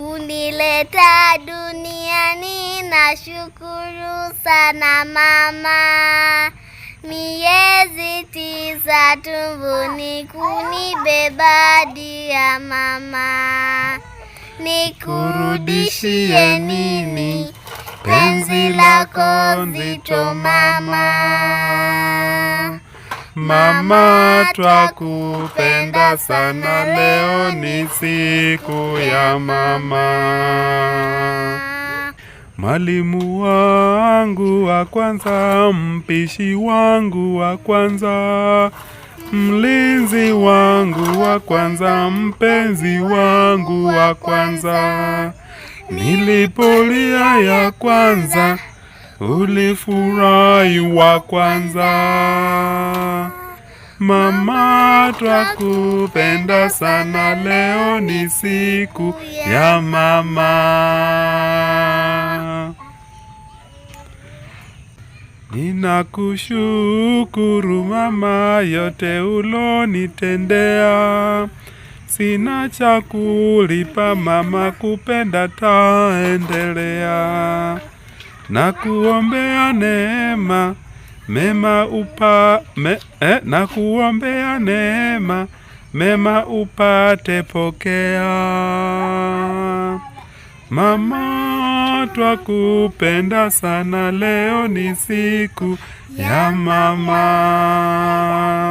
Kunileta duniani na shukuru sana mama, miezi tisa tumbuni kunibeba dia mama, nikurudishie nini penzi lako nzito mama? Mama, twakupenda sana, leo ni siku ya mama. Mwalimu wangu wa kwanza, mpishi wangu wa kwanza, mlinzi wangu wa kwanza, mpenzi wangu wa kwanza, nilipolia ya kwanza ulifurahi wa kwanza, mama twakupenda sana, leo ni siku ya mama. Ninakushukuru mama, yote ulonitendea Sina cha kulipa mama, kupenda taendelea na kuombea neema mema upa, me, eh, na kuombea neema mema upate pokea. Mama twakupenda sana, leo ni siku ya mama.